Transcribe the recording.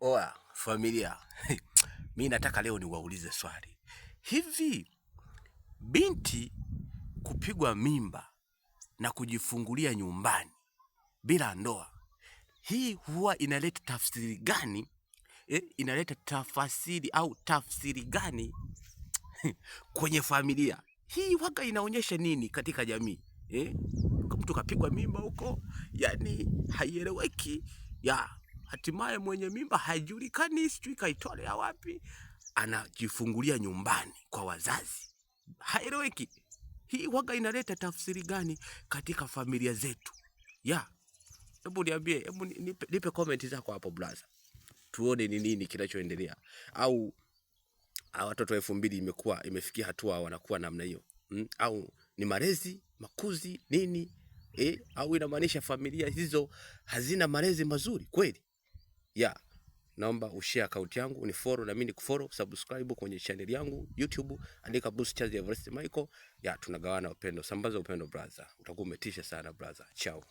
Oa familia, mi nataka leo niwaulize swali hivi, binti kupigwa mimba na kujifungulia nyumbani bila ndoa, hii huwa inaleta tafsiri gani? Eh, inaleta tafasiri au tafsiri gani kwenye familia hii? Waga inaonyesha nini katika jamii eh? Mtu kapigwa mimba huko, yani haieleweki ya hatimaye mwenye mimba haijulikani, sijui kaitolea wapi, anajifungulia nyumbani kwa wazazi. Haeleweki. Hii waga inaleta tafsiri gani katika familia zetu? Ya. Hebu niambie, hebu nipe, nipe comment zako hapo blaza. Tuone ni nini kinachoendelea. Au watoto elfu mbili imekuwa imefikia hatua wanakuwa namna hiyo. Mm? Au ni malezi, makuzi, nini? eh? au inamaanisha familia hizo hazina malezi mazuri kweli? yeah, naomba ushare account yangu, unifollow na mimi nikufollow, subscribe kwenye channel yangu YouTube, andika Bruce Charles Everest Michael. ya tunagawana upendo, sambaza upendo brother, utakuwa umetisha sana brother. Ciao.